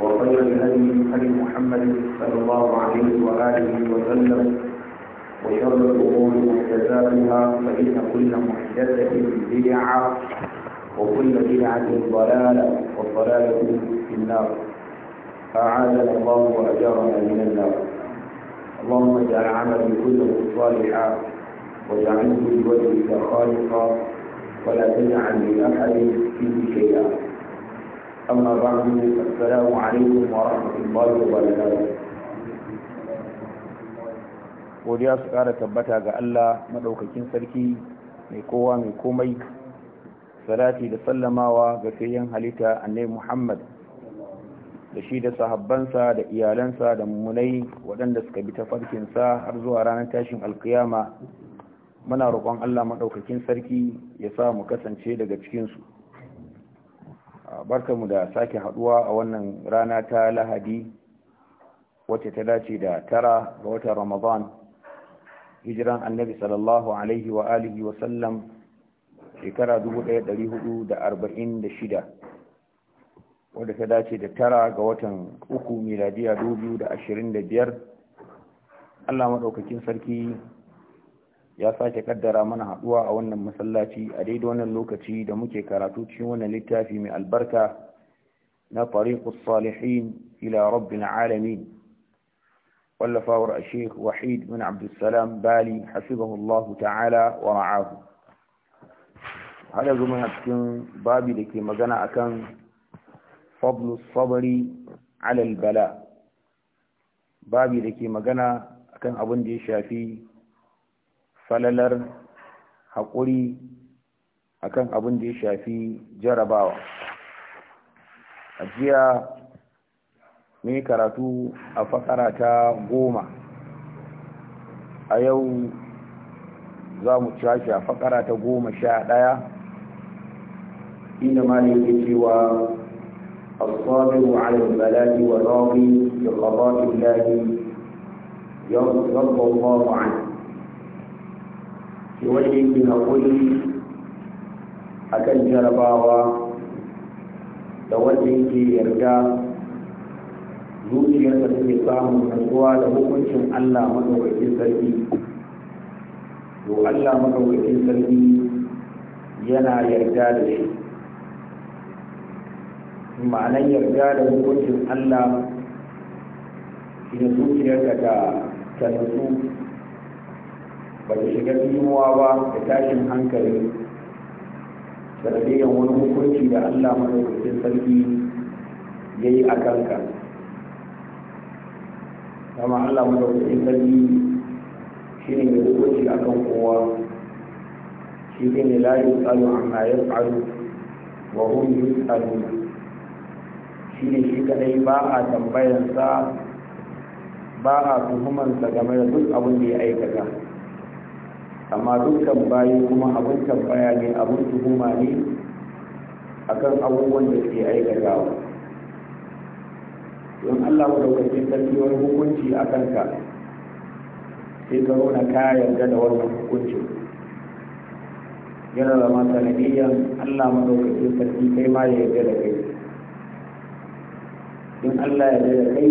وخير الهدي هدي محمد صلى الله عليه واله وسلم وشر الامور محدثاتها فان كل محدثه بدعه وكل بدعه ضلاله والضلاله في النار فاعاذنا الله واجارنا من النار اللهم اجعل عملي كله صالحا واجعله لوجهك خالقا ولا تجعل لاحد فيه شيئا أما بعد السلام عليكم ورحمة الله وبركاته godiya su ƙara tabbata ga Allah maɗaukakin sarki mai kowa mai komai salati da sallamawa ga fayyan halitta annai Muhammad da shi da sahabbansa da iyalansa da mummunai waɗanda suka bi sa har zuwa ranar tashin alkiyama muna roƙon Allah maɗaukakin sarki ya sa mu kasance daga cikinsu Ah, mu da sake haduwa a wannan rana ta lahadi wacce ta dace da tara ga watan ramadan hijiran annabi sallallahu alaihi wa alihi wa sallam shekara 1446 wadda ta dace da tara ga watan uku miladiya 2025 allah maɗaukakin sarki ya sake kaddara mana haduwa a wannan masallaci a daidai wannan lokaci da muke karatu cikin wannan littafi mai albarka na tariqus salihin ila rabbil alamin wallafawar ashe sheikh wahid bin salam bali hafizahullahu ta'ala wa ra'ahu har yanzu muna cikin babi da ke magana akan fadlus sabri ala al-bala babi da ke magana akan abin da ya shafi falalar haƙuri akan abin da ya shafi jarabawa a jiya mai karatu a fakara ta goma a yau za mu cashe a fakara ta goma sha ɗaya inda ne cewa الصابر على البلاء والراضي بقضاء الله يرضى الله عنه wanda yake haƙuri a kan jarabawa da wanda yake yarda zuciyarsa take samun nutsuwa da hukuncin allah maɗaukakin sarki to allah maɗaukakin sarki yana yarda da shi ma'anar yarda da hukuncin allah shi ne zuciyarka ta nutsu ba ta shiga tsinuwa ba da tashin hankali sanadiyyar wani hukunci da allah madaukakin sarki ya yi a kanka kama allah madaukakin sarki shi ne mai hukunci a kan kowa shi ne la a amma yas'alu wa hum yus'aluna shi ne shi kadai ba a tambayansa ba a tuhumarsa game da duk abin da ya aikata amma dukkan bayi kuma abin tambaya ne abin tuhuma ne akan abubuwan da ke wa don allah madaukakin sarki wani hukunci a kanka sai ka nuna kayan gada da wannan hukuncin yana zama sanadiyyar allah madaukakin sarki kai ma ya yarda da kai Don allah ya yarda da kai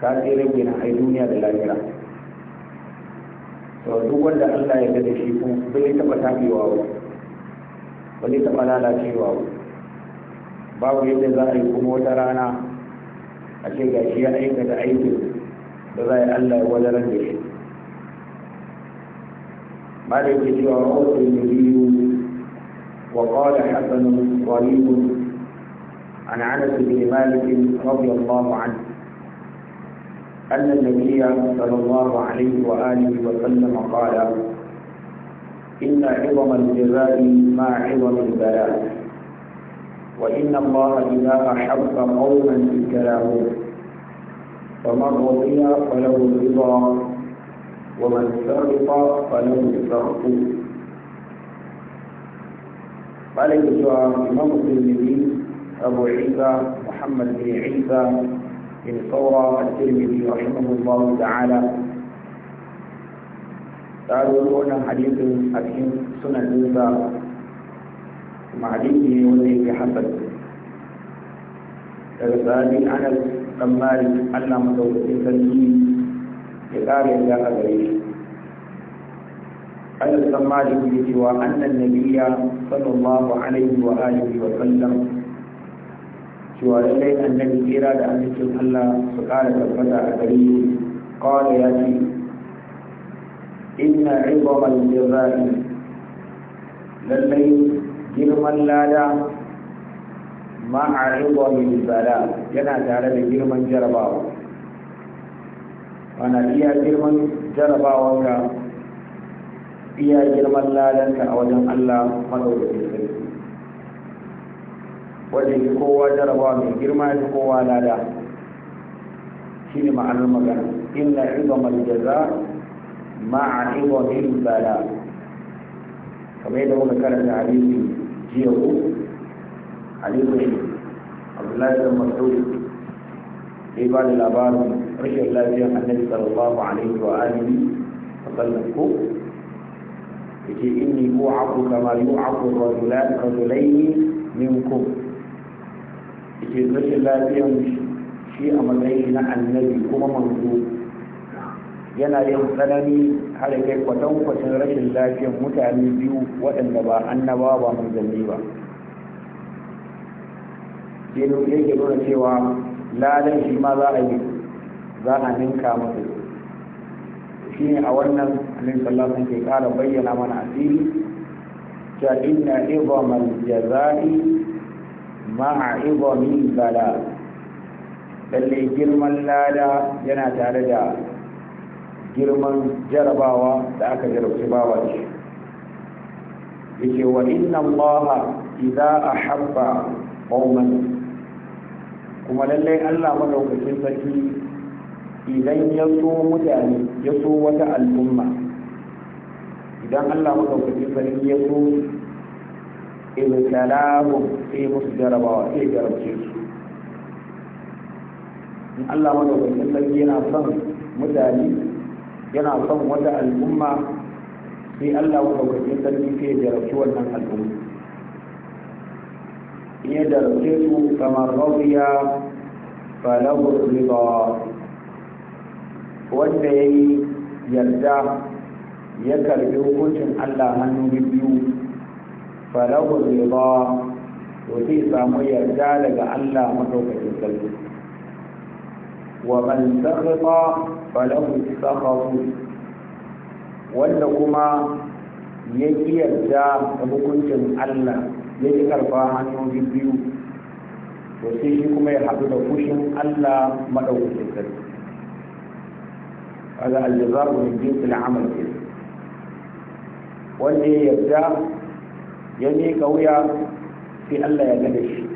ka tsere kenan ai duniya da lafiya to duk wanda Allah ya gada shi ko bai taba tabewa ba bai taba lalacewa ba babu yadda za a yi kuma wata rana a ce ga shi ya aika da aikin da za a yi Allah ya wadarar da shi malai ke cewa rawatun da biyu wa kawai hasanun kwarihun an ana su bi malikin rabin ba mu'adda أن النبي صلى الله عليه وآله وسلم قال إن عظم الجزاء ما عظم البلاء وإن الله إذا أحب قوما ابتلاه فمن رضي فله الرضا ومن سرق فله السرق قال الإمام الترمذي أبو عيسى محمد بن عيسى من صورة الترمذي رحمه الله تعالى قالوا حديث حكيم سنة الأولى مع دينه وليه حسن فبالتالي أنا بن مالك ألا متوسطين سنين يقال إلا قدريه أنا بن مالك بسوى أن النبي صلى الله عليه وآله وسلم cewa lallai annabi tsira da amincin Allah su ƙara tabbata a gare shi kawai ya ce inna ibamal jazai lallai girman lada a ma'a ibamal bala yana tare da girman jarabawa wana iya girman jarabawanka iya girman ladanka a wajen Allah madaukakin sarki wanda ya kowa jarabawa mai girma ya kowa lada shi ne ma'anar magana inna izamar jaza ma'a izamin bala kamar yadda muka karanta hadisi jiya ku hadisi abdullahi da mas'ud ya ba da labarin rashin lafiyar annabi sallallahu alaihi wa alihi wa sallam ko yake inni ko aku kama yi aku rajulaini minkum ke rashin lafiyar shi a matsayin na annabi kuma manzo yana yin tsanani har kai kwatan kwatan rashin lafiyar mutane biyu waɗanda ba annabawa ba manzanni ba sai yake nuna cewa lalai shi ma za a yi za a ninka masa shi ne a wannan annabi sallallahu alaihi ke ƙara bayyana mana asiri ta inna ibamal jaza'i ma'a ibomin bala lalle girman lada yana tare da girman jarabawa da aka jarabci bawa shi yake wa inna allaha idza ahabba qauman kuma lalle Allah madaukakin sarki idan ya so mutane ya so wata al'umma idan Allah madaukakin sarki ya so ibtalahu sai musu jarabawa sai jarabce su in Allah madaukakin sarki yana son mutane yana son wata al'umma sai Allah madaukakin sarki sai ya jarabci wannan al'umma in ya jarabce su kamar rabiya falahu riba wanda ya yi yarda ya karbi hukuncin Allah hannu biyu falahu riba to zai samu yarda daga Allah madaukakin sarki wa man sakhata falahu sakhatu wanda kuma ya yarda da hukuncin Allah ya ji karfa hannu biyu to sai shi kuma ya haɗu da fushin Allah madaukakin sarki هذا الجزاء من جنس العمل كده wanda ya yarda ya miƙa wuya sai Allah ya gada shi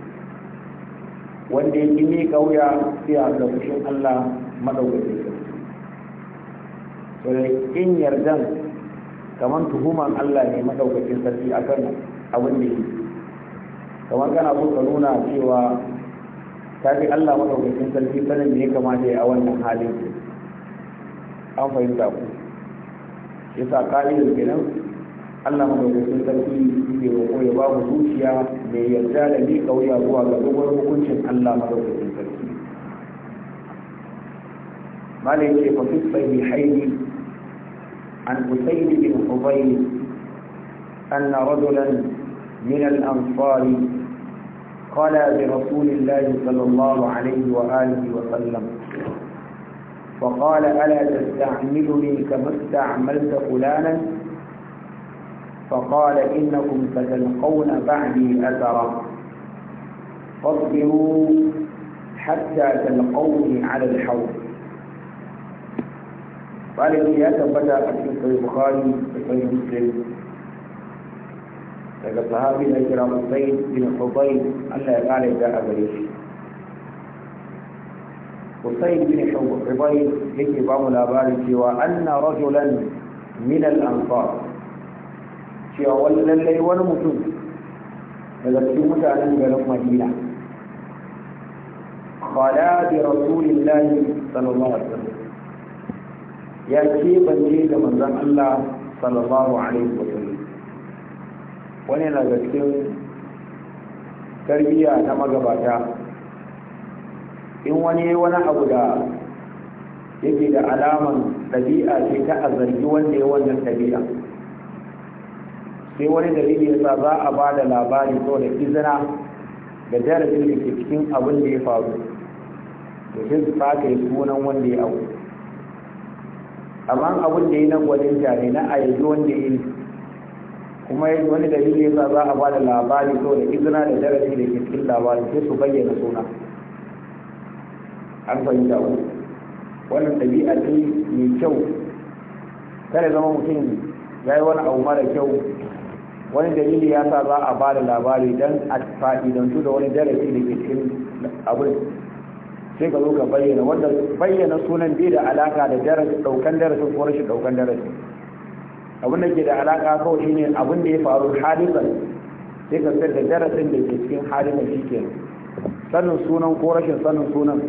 wanda ya miƙa wuya sai a ga fushin Allah madaukakin sarki to kin yardan kamar tuhuman Allah ne madaukakin sarki akan abin da yi. kamar kana so ka nuna cewa ta fi Allah madaukakin sarki sanin da ya kamata ya a wannan halin an fahimta ku yasa ƙa'idar kenan Allah madaukakin sarki ke roƙo ya babu zuciya mai yarda da miƙa wuya zuwa ga dogon hukuncin Allah madaukakin sarki malai ce fa fi sahihaini an usayd bin hubayl anna rajulan min al-ansar qala bi rasulillahi sallallahu alayhi wa alihi wa sallam فقال ألا تستعملني كما استعملت فلانا فقال إنكم ستلقون بعدي أثرا فاصبروا حتى تلقوني على الحوض قال لي هذا بدا في صحيح البخاري في صحيح مسلم لقد صحابي الاجر ابو زيد بن حضير الا قال جاء بريش وسيد بن حضير هيك بام الاباري وان رجلا من الانصار cewa wani lallai wani mutum daga cikin mutanen garin madina kwada da rasulillahi sallallahu alaihi wasallam ya ce banje da manzon Allah sallallahu alaihi wasallam wani na daga cikin tarbiyya na magabata in wani wani abu da yake da alaman ɗabi'a ce ta a wanda ya wannan ɗabi'a sai wani dalili yasa za a ba da labari ko da izina da darasin da ke cikin abin da ya faru da shi su fata yi sunan wanda ya abu amma abin da ya na gwanin jari na yanzu wanda ya yi kuma wani dalili yasa za a ba da labari ko da izina da darasi da ke cikin labari sai su bayyana suna an fahimta wani wannan ɗabi'a ce mai kyau kada zama mutum ya yi wani abu mara kyau wani dalili ya sa za a ba da labari don a fa'idantu da wani darasi da ke cikin abin sai ka zo ka bayyana wanda bayyana sunan bai da alaka da darasi daukan darasin ko rashin daukan darasi abin da ke da alaka kawai shine abin da ya faru hadisan sai ka sayar da darasin da ke cikin hadisan shi ke sanin sunan ko rashin sanin sunan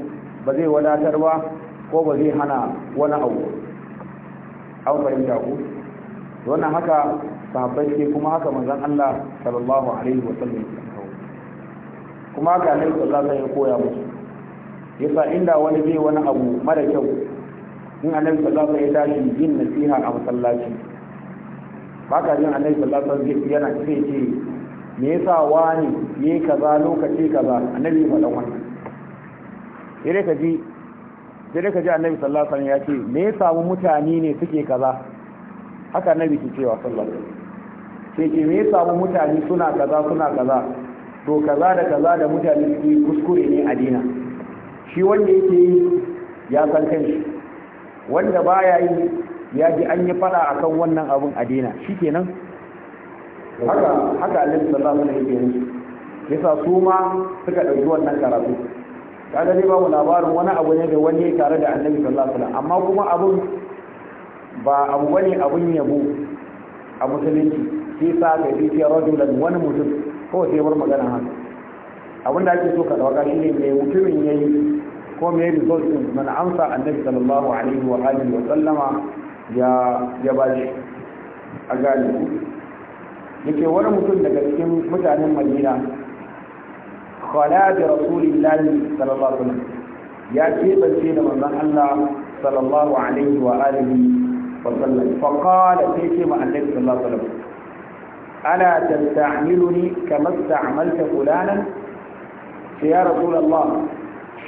ba zai wadatar ba ko ba zai hana wani abu an fahimta ku wannan haka sahabbai ke kuma haka manzon Allah sallallahu alaihi wa sallam kuma haka ne za ta yi koya musu yasa inda wani zai wani abu mara kyau in annabi sallallahu alaihi wa sallam ya dace yin nasiha a masallaci ba ka jin annabi sallallahu alaihi wa sallam yana ce ce me yasa wani ne kaza lokaci kaza annabi ya wannan sai ka ji sai ka ji annabi sallallahu alaihi wa sallam ya ce me yasa mutane ne suke kaza haka nabi ke cewa sallallahu alaihi wasallam sai me yasa mu mutane suna kaza suna kaza to kaza da kaza da mutane su kuskure ne a dina shi wanda yake yi ya san kanshi wanda baya yi ya ji an yi fada akan wannan abun a dina shikenan haka haka Allah sallallahu alaihi wasallam ya yasa su ma suka dauki wannan karatu kaga dai babu labarin wani abu ne da wani tare da annabi sallallahu alaihi wasallam amma kuma abun ba abu bane abun yabo a musulunci sai sa ga bi sai rajulan wani mutum ko sai bar magana haka abin da ake so ka dauka shine mai mutumin yayi ko mai result din man amsa annabi sallallahu alaihi wa alihi wa sallama ya ya bashi a galibi yake wani mutum daga cikin mutanen madina khala da rasulillahi sallallahu alaihi wa sallam ya kebance da manzon Allah sallallahu alaihi wa alihi wasallam faqala sai ce ma annabi sallallahu alaihi wasallam ala tasta'miluni kama sta'malta fulanan sai ya rasulullah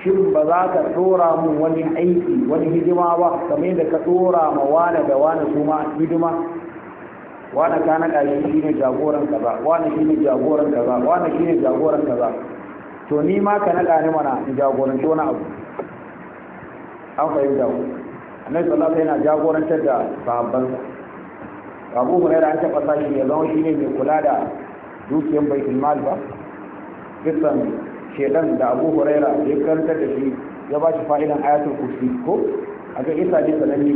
shin ba za ka tsora mun wani aiki wani hidima ba kamar da ka tsora ma wani da wani su ma hidima wani ka na shi shi ne jagoran kaza wani shi ne jagoran kaza wani shi ne jagoran kaza to ni ma ka naɗa ni mana in jagoranci wani abu an fahimta ku annabi sallallahu alaihi yana jagorantar da sahabban abu huraira an taɓa sashi ya zama shine mai kula da dukiyar baitul mal ba kisan shedan da abu huraira ya karanta da shi ya ba shi fa'idan ayatul kursi ko a ga isa ne sananne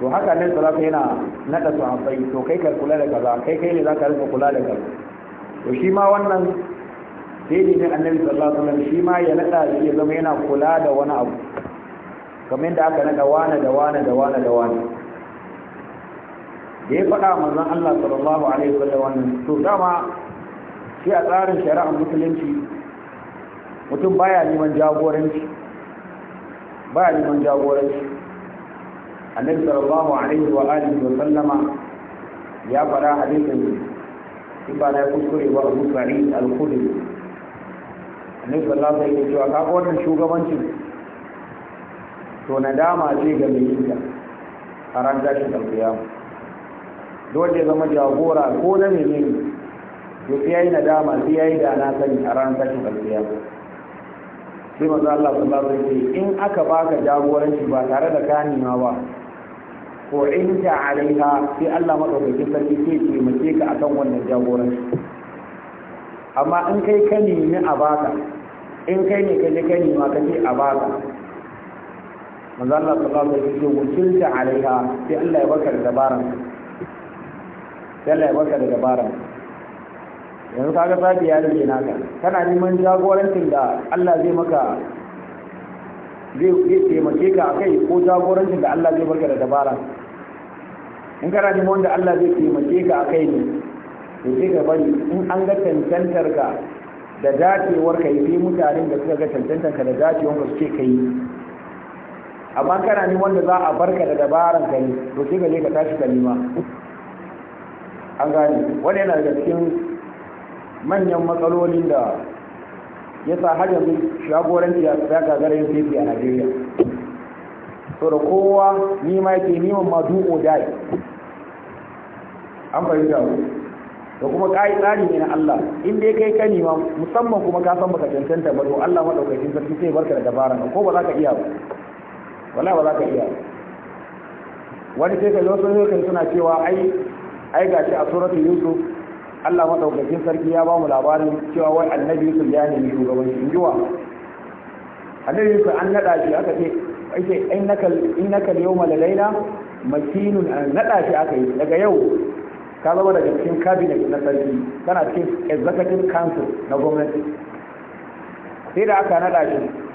to haka nan salatu yana nada sahabbai to kai ka kula da kaza kai kai ne zaka rinka kula da kaza to shi ma wannan sai ne annabi sallallahu alaihi wasallam shi ma ya nada shi ya zama yana kula da wani abu kamar yadda aka naɗa wane da wane da wane da wane da ya faɗa manzon Allah sallallahu alaihi wasallam wannan to dama shi a tsarin shari'ar musulunci mutum baya neman jagoranci baya neman jagoranci annabi sallallahu alaihi wa alihi wa sallama ya faɗa hadisin in ba na kuskure ba Abu Sa'id al-Khudri annabi sallallahu alaihi wa sallam ka ga wannan shugabancin to nadama zai ga mai ita a ran tashin alkiyama dole ya zama jagora ko na menene to sai yayi nadama sai yayi da na sani a ran tashin alkiyama sai manzo Allah sallallahu alaihi wasallam in aka baka jagoranci ba tare da ka nima ba ko in ta alaiha sai Allah madaukakin sarki sai ya mace ka akan wannan jagoranci amma in kai ka nemi a baka in kai ne ka je ka nima ka ce a baka manzo Allah sallallahu alaihi wasallam wakilta alaiha sai Allah ya baka da dabaran sai Allah ya baka da dabaran yanzu kaga sabi ya rage naka kana neman jagorancin da Allah zai maka zai taimake ka akai ko jagorancin da Allah zai baka da dabaran in kana neman wanda Allah zai taimake ka akai ne to sai ka bari in an ga tantantar ka da dacewar ka yi mutanen da suka ga tantantar ka da dacewar ka suke kai amma kana ni wanda za a barka da dabaran ka ne to sai ka ka tashi kalima. nima an gane wani yana daga cikin manyan matsalolin da ya sa har yanzu shagoranci ya gagara yin fefi a najeriya to da kowa nima yake neman ma duko dai an fahimta ku da kuma kai tsari ne na Allah in dai kai ka nima musamman kuma ka san baka cancanta ba to Allah madaukakin sarki sai barka da dabara ko ba za ka iya ba wala ba za ka iya wani sai ka wasu sun suna cewa ai ga shi a suratun yusuf Allah madaukakin sarki ya ba mu labarin cewa wai annabi Yusuf ya nemi shugaban shi jiwa annabi Yusuf an nada shi aka ce ake innaka innaka yawma na, makinun an nada shi aka yi daga yau ka zama daga cikin cabinet na sarki kana cikin executive council na gwamnati sai da aka nada shi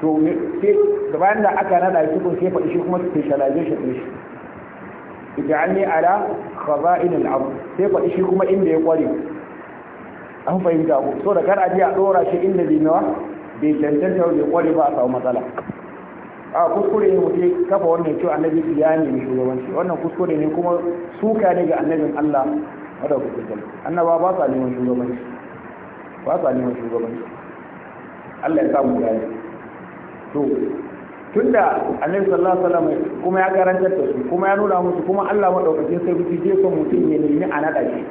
to sai da bayan da aka nada shi kun sai faɗi shi kuma specialization ɗin shi ij'alni ala khaza'in al-ard sai faɗi shi kuma inda ya kware an fahimta ko so da kar a ji a dora shi inda bai nawa bai tantance bai kware ba a samu matsala a kuskure ne mutum kafa wannan cewa annabi ya ne mai shugabanci wannan kuskure ne kuma suka ne ga annabin Allah wadda kuka gani annaba ba sa neman shugabanci ba sa neman shugabanci Allah ya samu gani to tunda annabi sallallahu alaihi wasallam kuma ya karantar da su kuma ya nuna musu kuma Allah madaukakin sarki je son mutum ya nemi a nada shi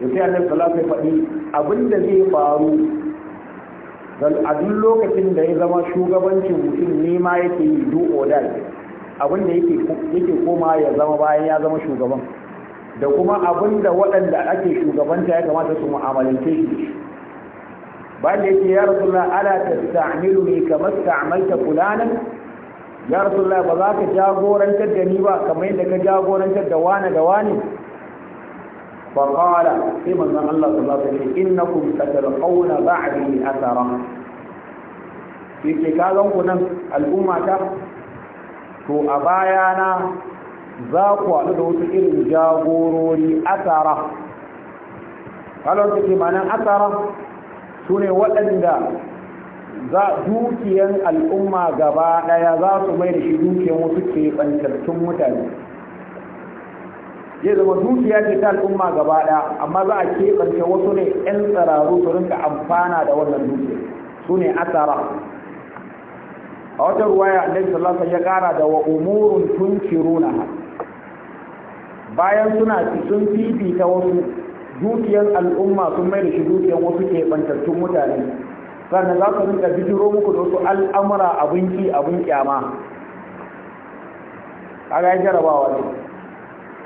to sai annabi sallallahu alaihi faɗi da zai faru a duk lokacin da ya zama shugabancin mutum ne ma yake yi do or die da yake yake koma ya zama bayan ya zama shugaban da kuma abin da waɗanda ake shugabanta ya kamata su mu'amalance shi bayan da yake ya rasulullah ala tasta'milu ni kama sta'malta fulanan ya rasulullah ba za ka jagorantar da ni ba kamar yadda ka jagorantar da wani da wani fa qala sai manzon Allah in na sallallahu alaihi a innakum satalqawna ba'di Ke ke kazan ku nan al'umma ta to a bayana za ku haɗu da wasu irin jagorori asara kalon suke manan asara su ne waɗanda za dukiyan al'umma gaba ɗaya za su mai da shi dukiyan wasu ɓantattun mutane zai zama dukiya ce ta al'umma gaba ɗaya amma za a keɓance wasu ne 'yan tsararru su rinka amfana da wannan dukiya su ne asara a wata ruwaya annabi sallallahu ya ƙara da wa umurun tunkiruna bayan suna sun fifita wasu dukiyar al'umma sun mai da shi dukiyar wasu ke bantattun mutane sannan za su rinka bijiro muku da wasu al'amura abin ki abin kyama kaga ya jarabawa ne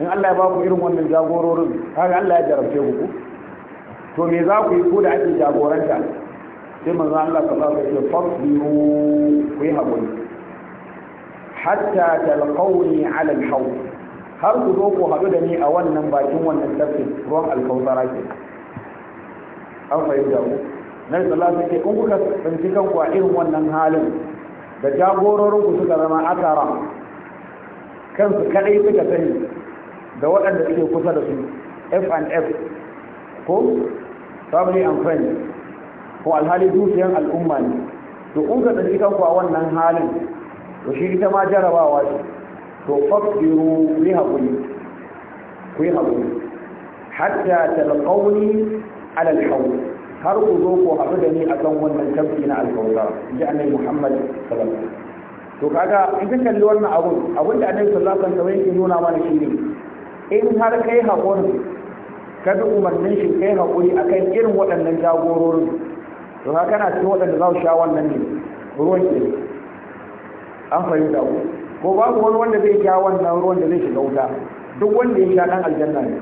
in Allah ya ba ku irin wannan jagororin kaga Allah ya jarabce ku to me za ku yi ko da ake jagoranta sai manzo Allah sallallahu alaihi wasallam ya ce fasbiru ku yi hakuri hatta talqawni ala al-hawd har ku zo ku haɗu da ni a wannan bakin wannan tafki ruwan alkawtara ke an fahimta ku nan sallah ke in kuka tsinci kanku a irin wannan halin da jagororin ku suka zama akara kansu kaɗai suka sani da waɗanda suke kusa da su f and f ko family and friends ko alhali dukiyan al'umma ne to in ka tsinci kanku a wannan halin to shi ita ma jarabawa ce to fasbiru ku yi haƙuri ku yi haƙuri hatta talqauni har ku zo ku haɗu da ni akan wannan tafki na alkawza ji annabi muhammad sallallahu to kaga in ka kalli wannan abun abun da annabi sallallahu alaihi wasallam yake nuna mana shine in har kai haƙuri ka bi umarnin shi kai haƙuri akan irin waɗannan jagororin to haka waɗanda sha ne ruwan ke an ko babu wani wanda zai sha wannan ruwan da zai shiga wuta duk wanda ya sha dan aljanna ne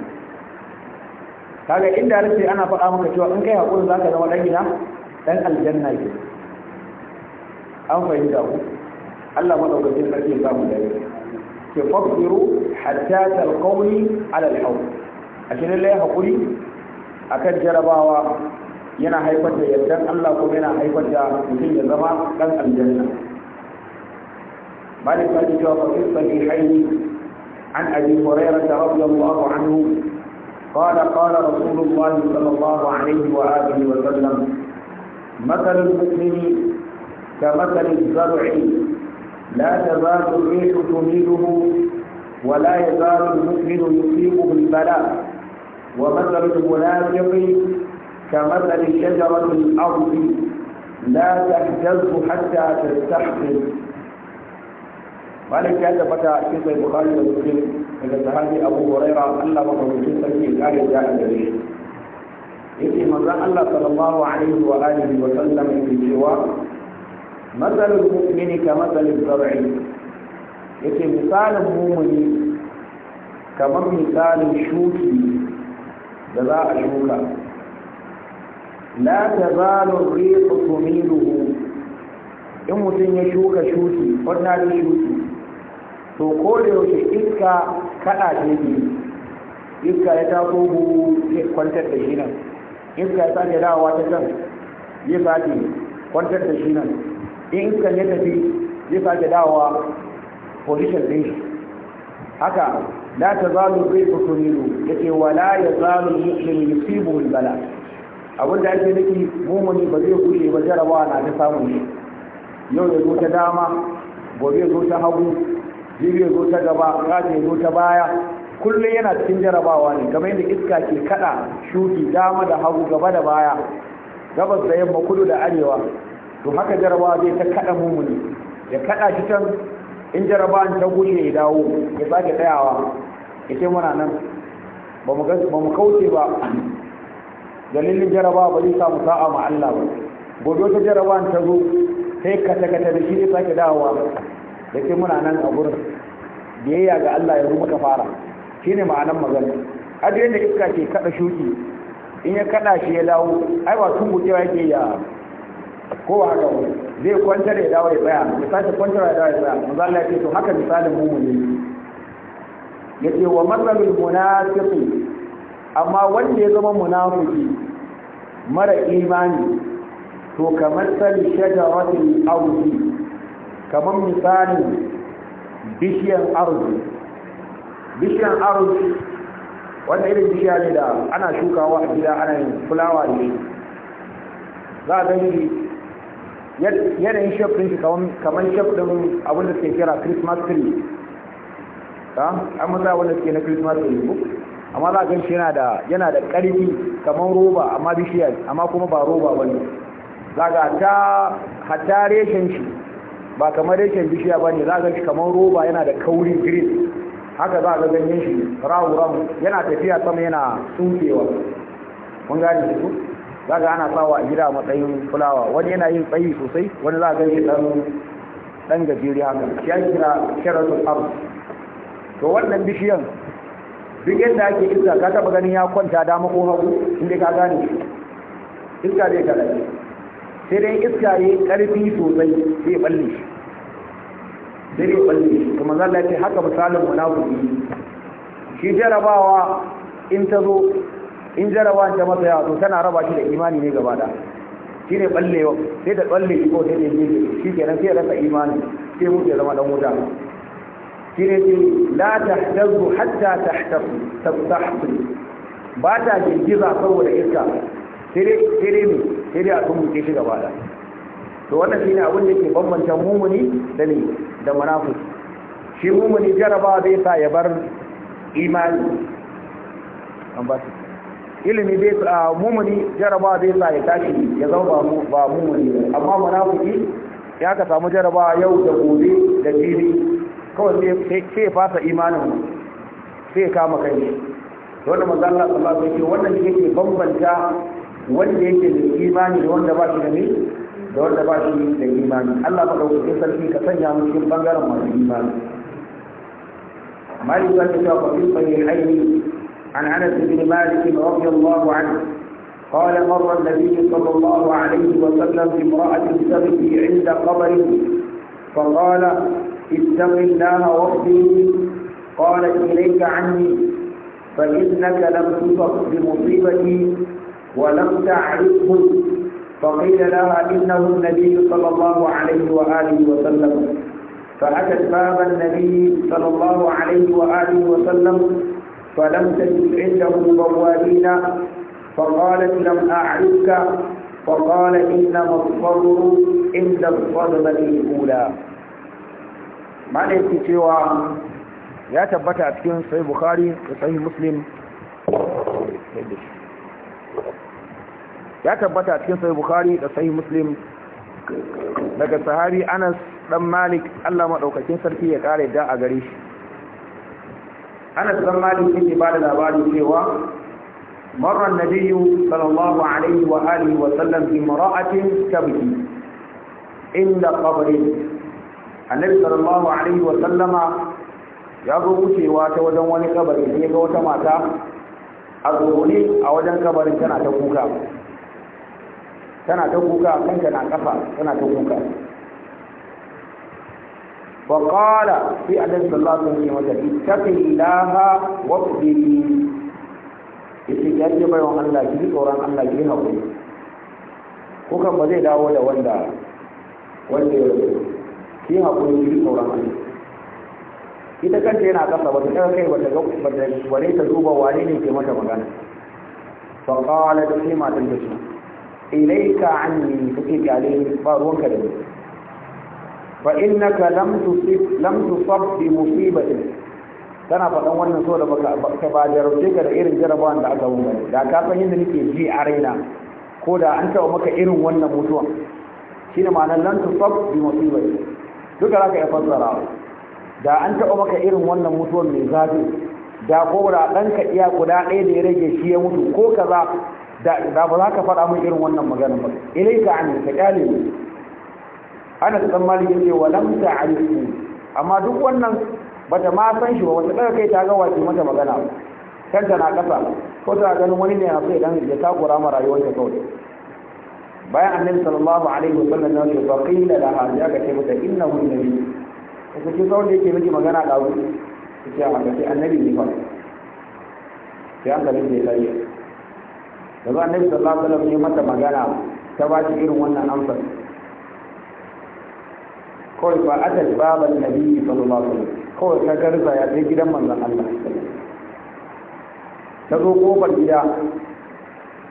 kaga inda rufe ana faɗa maka cewa in kai hakuri zaka zama dan gida dan aljanna ke an fahimta ku Allah madaukakin sarki ya samu dare ke fakiru hatta talqawni ala al-hawl ashe lalle a kan jarabawa yana haifar da yardan Allah kuma yana haifar da mutum ya zama dan aljanna مالك جابر في الصحيحين عن أبي هريرة رضي الله عنه قال قال رسول الله صلى الله عليه وآله وسلم مثل المؤمن كمثل الزرع لا تزال الريح تميله ولا يزال المؤمن يصيبه البلاء ومثل المنافق كمثل شجرة الأرض لا تهتز حتى تستحقر malik ya tabbata cikin sai bukhari da muslim daga sahabi abu huraira allah mafarkin sarki ya kare da gare shi yake manzon allah sallallahu alaihi wa alihi wa sallam yake cewa matsalin mu'mini ka matsalin zar'i yake misalin mumuni kamar misalin shuki da za a shuka la tazalu riqu tumiluhu in mutum ya shuka shuki ordinary shuki to ko da yaushe iska kada ce ne iska ya taso mu zai kwantar da shi nan iska ya sake dawowa ta can ya sake kwantar da shi nan in iska ya tafi zai sake dawowa position din shi haka la tazalu zaifu tunilu yace wala zalu muslim yusibu bala. abin da ake nufi mumuni ba zai kushe ba jarabawa na ta samun yau ya zo ta dama gobe ya zo ta hagu jirgin zo ta gaba rajin zo ta baya kullum yana cikin jarabawa ne kamar yadda iska ke kada shuki dama da hagu gaba da baya gabas da yamma kudu da arewa to haka jarabawa zai ta kada mumuni ya kada shi can in jarabawan ta gushe ya dawo ya sake tsayawa ya ce muna nan ba mu kauce ba dalilin jarabawa ba zai samu sa'a ma Allah ba gobe wata jarabawan ta zo sai kata kata da shi ne sake dawowa da ke muna nan a gurin biyayya ga Allah ya muka fara shine ma'anar magana har yadda iska ke kada shuki in ya kada shi ya dawo ai ba tun gujewa yake ya ko haka haka zai kwantar ya dawo ya tsaya ya sace kwantar ya dawo ya tsaya manzo zalla ya ce to haka misalin Ya ce wa mazalul munafiqi amma wanda ya zama munafiki mara imani to kamar sali shajaratul awdi kamar misali bishiyar arzu bishiyar arzu wanda irin bishiya ne da ana shukawa a gida ana yin fulawa ne za a gani yanayin shaf shi kamar shaf abinda suke kira christmas tree ta an masa wanda suke na christmas tree ko amma za a gani shi yana da ƙarfi kamar roba amma bishiyar amma kuma ba roba ba ne za ga ta hatta reshen shi ba kamar yake bishiya ba ne za ga shi kamar roba yana da kauri green haka za ga ganyen shi rawuram yana tafiya sama yana tsukewa mun gane ko. za ga ana sawa a gida matsayin fulawa wani yana yin tsayi sosai wani za ga shi dan dan gajeri haka shi ya kira sharatul ard to wannan bishiyan duk yadda ake iska ka taba ganin ya kwanta dama ko hagu inda ka gane iska zai kalaje. sai dai iska ya yi ƙarfi sosai sai balle shi sai dai balle shi kuma zan lafi haka misalin munafiki shi jarabawa in ta zo in jarabawa ta masa yawa to tana raba shi da imani ne gaba da shi ne balle sai da balle shi ko sai da yi shi kenan sai rasa imani sai mutu ya zama dan wuta shi ne ce la tahtazu hatta tahtasu tabtahsu ba ta girgiza saboda iska sai dai sai dai sai dai a tumbuke shi gaba da to wannan shine abin da ke bambanta mumuni da ne da munafiki shi mumuni jaraba zai sa ya bar imani an ba ilimi zai sa mumuni jaraba zai sa ya tashi ya zama ba mumuni amma munafiki ya ka samu jaraba yau da gobe da jiri kawai sai fasa imanin sai kama kai wannan manzo Allah sallallahu alaihi wasallam wannan shi yake bambanta wanda yake da imani da wanda ba shi da ne da wanda ba shi da imani Allah madaukakin sarki ka sanya mu cikin bangaren masu imani مالك بن في الصحيحين عن انس بن مالك رضي الله عنه قال مر النبي صلى الله عليه وسلم بامرأة تبكي عند قبره فقال اتق الله واخبرني قالت إليك عني فإنك لم تصب بمصيبتي ولم تعرفه فقيل لها إنه النبي صلى الله عليه وآله وسلم فأتت باب النبي صلى الله عليه وآله وسلم فلم تجد عنده بوابين فقالت لم أعرفك فقال إنما الصبر عند الصدمة الأولى ما ليس سوى يا تبتع في صحيح البخاري وصحيح مسلم Thank you. ya tabbata cikin sahih bukhari da sahih muslim daga sahabi anas dan malik Allah madaukakin sarki ya kare da a gare shi anas dan malik yake ba da labari cewa sallallahu alaihi wa alihi wa sallam bi mara'atin tabki inda qabri النبي sallallahu alaihi wa sallama ya zo wucewa ta wajen wani kabari ne ga wata mata a tsogoni a wajen kabarin tana ta kuka tana ta kuka kanta na kafa tana ta kuka wa qala fi annabi sallallahu alaihi wa sallam ittaqillaha wa qbili yace ya ce bai wa Allah ki tsoron Allah ki hakuri kuka ba zai dawo da wanda wanda ya ki hakuri ki tsoron Allah ita kanta yana kasa ba ta ɗaga kai ba ta wani ta duba Wale ne ke mata magana fa qala ta sai matan ta ce ilayka anni kake kyale ba ruwanka da ni fa innaka lam tusib lam tusab bi musibatin kana faɗan wannan so da baka ka ba jarabce ka da irin jarabawan da aka wuce da ka san yadda nake ji a raina ko da an taɓa maka irin wannan mutuwan shine ma'anar lam tusab bi musibatin duka ka iya fassara da an taɓa maka irin wannan mutuwar mai zafi da ko da ɗanka iya guda ɗaya da ya rage shi ya mutu ko kaza da ba za ka faɗa mun irin wannan magana ba ilai ka an ka kyale ne ana ta tsammali ya ce wa lam ta alifu amma duk wannan bata ma san shi ba wata ɗaga kai ta ga wace mata magana kanta na ƙasa ko ta ganin wani ne a sai dan ya takura ma rayuwarta kawai bayan annabi sallallahu alaihi wasallam ya ce fa qila laha ya ka ce mata innahu nabi daga cikin tsawon da yake miki magana da abu su ce a magace annabi ne fa sai an kalin da ya tsaye da za annabi da alaihi da ne mata magana ta ba shi irin wannan amsar kawai fa aka baban nabi sallallahu alaihi su kawai ta garza ya je gidan manzan Allah ta zo kofar gida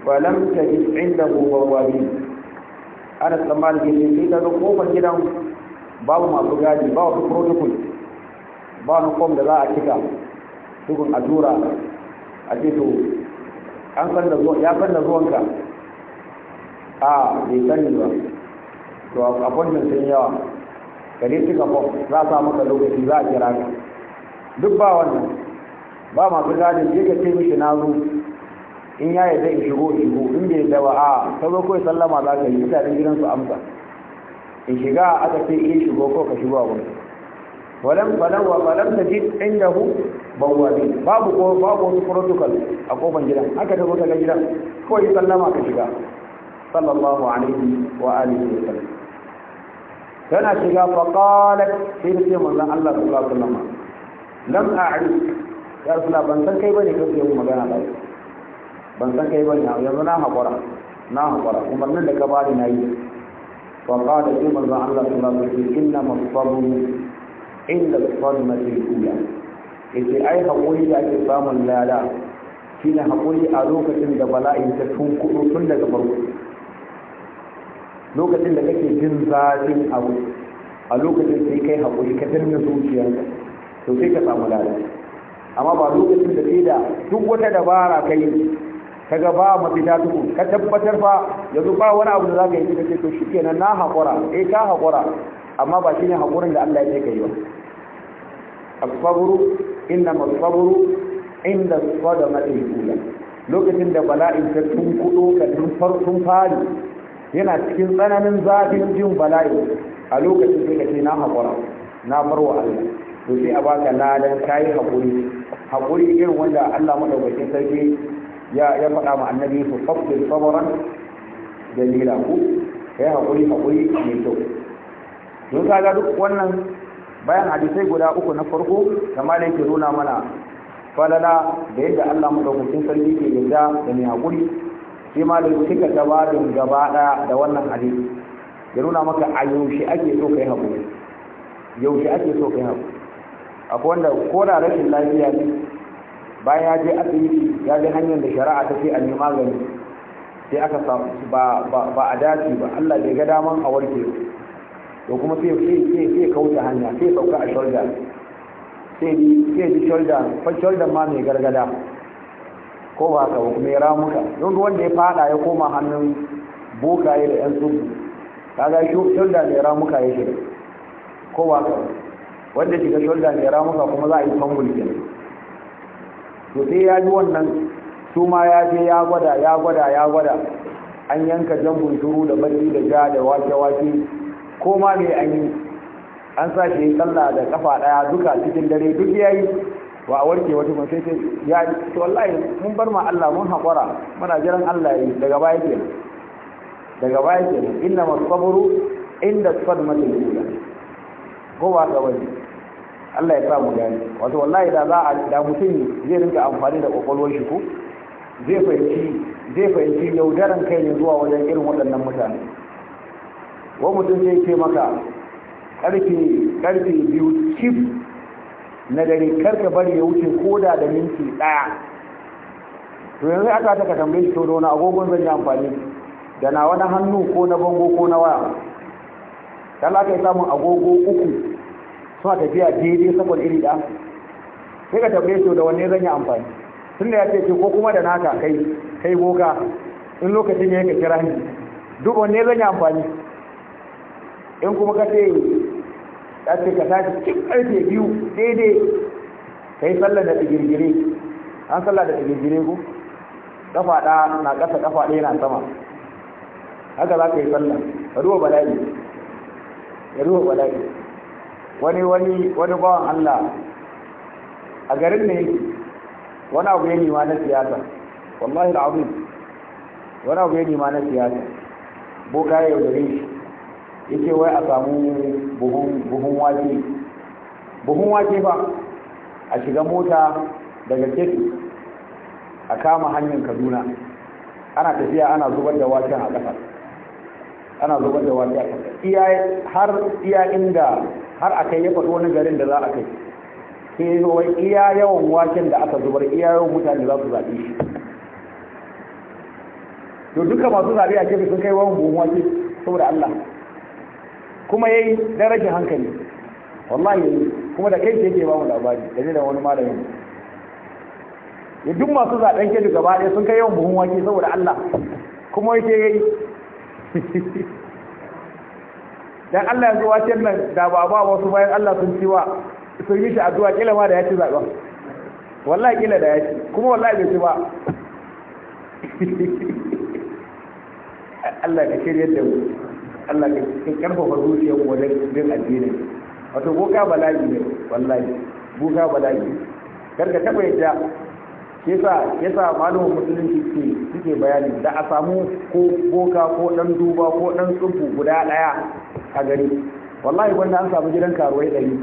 fa lam inda indahu wabi ana tsammanin sai ta zo kofar gidan babu masu gadi wasu protocol ba na form da za a cika tukun a tura a ceto to an san da zuwa ya san da zuwanka a bai sani ba to a kwanjin sun yawa ka ne cika form za a samu ka lokaci za a kira ka duk ba wannan ba masu gadi je ka ce mishi na in ya yi in shigo shigo in bai yarda ba a ka kawai sallama za ka yi mutanen gidansu amsa in shiga aka ce in shigo ko ka shigo abun walam falam wa falam tajid indahu bawabi babu ko babu wasu protocol a kofan gidan haka da ta ga gidan ko yi sallama ka shiga sallallahu alaihi wa alihi wa sallam tana shiga fa qalat sai ce manzon Allah sallallahu alaihi wa sallam lam a'rif ya rasulullah ban san kai bane kake yin magana da ban san kai bane yanzu na haƙura, na haƙura umarnin da ka bani na yi فقال ثم الله صلى الله عليه إنما الصبر عند الصدمة الأولى إذا أي حقولي لأك الصام اللالا شين حقولي أروكة دبلائي تكون كل سنة فرق لوكة لكك جنزات أو ألوكة لكي حقولي كتن نسوشيا to sai ka samu lada amma ba lokacin da sai da duk wata dabara kai kaga ba mafita tuku ka tabbatar fa yanzu ba wani abu da zaka yi ce to shikenan na hakura eh ka hakura amma ba shine hakurin da Allah ya ce kai ba as-sabru inna inda sabru inda sadamati al-ula lokacin da bala'in ta tunkudo ka tun farkon fari yana cikin tsananin zafin jin bala'i a lokacin sai ce na hakura na farwa Allah to sai a baka ladan kai hakuri hakuri irin wanda Allah madaukakin sarki ya ya faɗa ma annabi su fafin sabaran dalila ku ya haƙuri haƙuri mai kyau don kaga duk wannan bayan hadisai guda uku na farko kamar da yake nuna mana falala da yadda Allah madaukakin sarki ke yadda da mai haƙuri shi ma da kika gabatin gaba ɗaya da wannan hadisi ya nuna maka a yaushe ake so kai haƙuri yaushe ake so kai haƙuri akwai wanda ko da rashin lafiya ne bayan ya je asibiti ya ji hanyar da shari'a ta ce a yi magani sai aka samu ba ba a dace ba Allah bai ga daman a warke to kuma sai sai sai sai kauce hanya sai sauka a shoulder sai bi sai bi shoulder fa ma mai gargada ko ba ka kuma ya ramuka don wanda ya fada ya koma hannun bokaye da yan tsubu kaga shoulder mai ramuka ya shiga ko ba ka wanda shiga shoulder mai ramuka kuma za a yi fangul kenan to sai ya ji wannan su ma ya je ya gwada ya gwada ya gwada an yanka jambun turu da baki da ja da wake-wake ko ma ne an yi an sa shi tsalla da kafa daya duka cikin dare duk ya yi ba a warke wata mun sai sai ya to wallahi mun bar ma Allah mun haƙura muna jiran Allah yi daga baya ke daga baya ke inna masabru inda sadmatul ula ko ba ga wani Allah ya sa mu gani wato wallahi da za a da mutum zai rinka amfani da kokolwar shi ko zai fahimci zai fahimci yaudaran kai ne zuwa wajen irin waɗannan mutane wa mutum zai ce maka karfe karfe biyu cif na dare karka bari ya wuce koda da minti daya to yanzu aka ta ka tambaye shi to da agogon zan yi amfani da na wani hannu ko na bango ko na waya kala kai samun agogo uku suna tafiya daidai saboda iri da sai ka tambaye su da wanne zan yi amfani tun da ya ce ko kuma da naka kai kai boka in lokacin ya ka kira ni duk wanne zan yi amfani in kuma ka ce ya ce ka tashi cikin karfe biyu daidai ka yi sallar da tigirgire an sallar da tigirgire ku kafa ɗaya na ƙasa kafa ɗaya na sama haka za ka yi sallar ka duba bala'i duba bala'i wani wani wani bawan Allah a garin ne wani abu ya nima na siyasa wallahi al'azim wani abu ya nima na siyasa boka ya yaudare ya ce wai a samu buhun wake buhun wake ba a shiga mota daga ketu a kama hanyar kaduna ana tafiya ana zubar da waken a ƙasa ana zubar da waken a ƙasa har iya inda har aka ya faɗi wani garin da za a kai yi wai iya yawan waken da aka zubar iya yawan mutane za su zaɓe shi to duka masu zaɓe a kefe sun kai wani buhun wake saboda Allah kuma yayi dan rashin hankali wallahi yayi kuma da kai yake ba mu labari da da wani malamin ya duk masu zaɓen kefe gaba ɗaya sun kai yawan buhun wake saboda Allah kuma yake yayi dan Allah ya zo wacin nan da ba ba wasu bayan Allah sun ci wa sun yi shi addu'a kila ma da ya ci wallahi kila da ya ci kuma wallahi bai ci ba Allah ka shirya da mu Allah ka karfafa zuciyar mu wajen bin addini wato boka bala'i ne wallahi boka bala'i kar ka taba yadda yasa yasa malamin musulunci ke suke bayani da a samu ko boka ko dan duba ko dan tsubu guda daya a gari wallahi wanda an samu gidan karuwai ɗari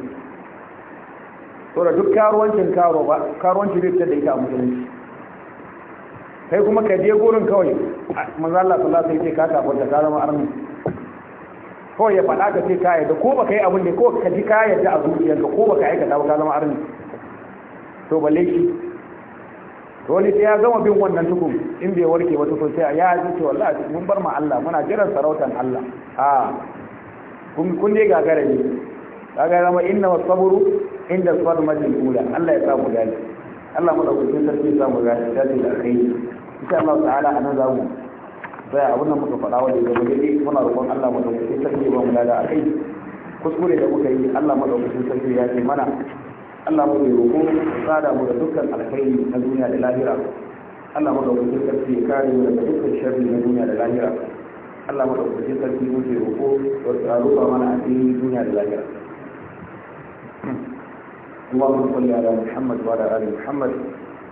to da duk karuwancin karo ba karuwanci zai fitar da ita a musulunci kai kuma ka je gurin kawai manzo Allah sallallahu alaihi wasallam sai ka kafa da ka zama arni kawai ya faɗa ka ce ka yadda ko baka yi abin da ko ka ji ka yarda a zuciyarka ko baka aikata ba ka zama armi? to balle shi to wani sai ya gama bin wannan tukun in bai warke ba tukun sai ya ji to wallahi mun bar ma Allah muna jiran sarautan Allah A'a. Ah. kun kun dai gagara ne gagara zama inna wasabru inda majin kula Allah ya samu gani Allah mu dauki sarki samu gani da alkhairi insha Allah ta'ala anan za mu sai abin nan muka faɗa wanda da dai muna roƙon Allah mu dauki sarki ba mu a akai kuskure da muka yi Allah mu dauki sarki ya ce mana Allah mu yi roƙo tsada mu da dukkan alkhairi na duniya da lahira Allah mu dauki sarki ya kare mu daga dukkan sharri na duniya da lahira Allah madaukakin sarki muke roƙo wasu aruba mana addini duniya da lahira اللهم صل على محمد وعلى ال محمد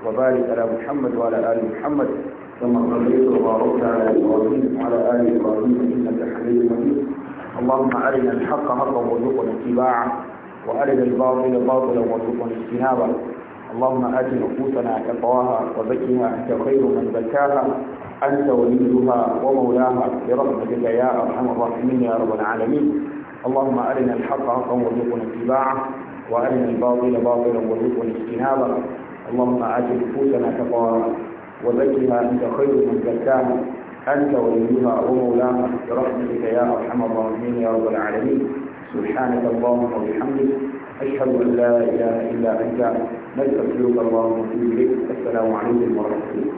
وبارك على محمد وعلى ال محمد كما صليت وباركت على ابراهيم وعلى ال ابراهيم انك حميد مجيد اللهم ارنا الحق حقا وارزقنا اتباعه وارنا الباطل باطلا وارزقنا اجتنابه اللهم ات نفوسنا تقواها وزكها انت خير من زكاها أنت وليها ومولاها برحمتك يا أرحم الراحمين يا رب العالمين اللهم أرنا الحق حقا وارزقنا اتباعه وأرنا الباطل باطلا وارزقنا اجتنابه اللهم آت نفوسنا تقواها وزكها أنت خير من زكاها أنت وليها ومولاها برحمتك يا أرحم الراحمين يا رب العالمين سبحانك اللهم وبحمدك أشهد أن لا إله إلا أنت نستغفرك اللهم وأتوب إليك السلام عليكم ورحمة الله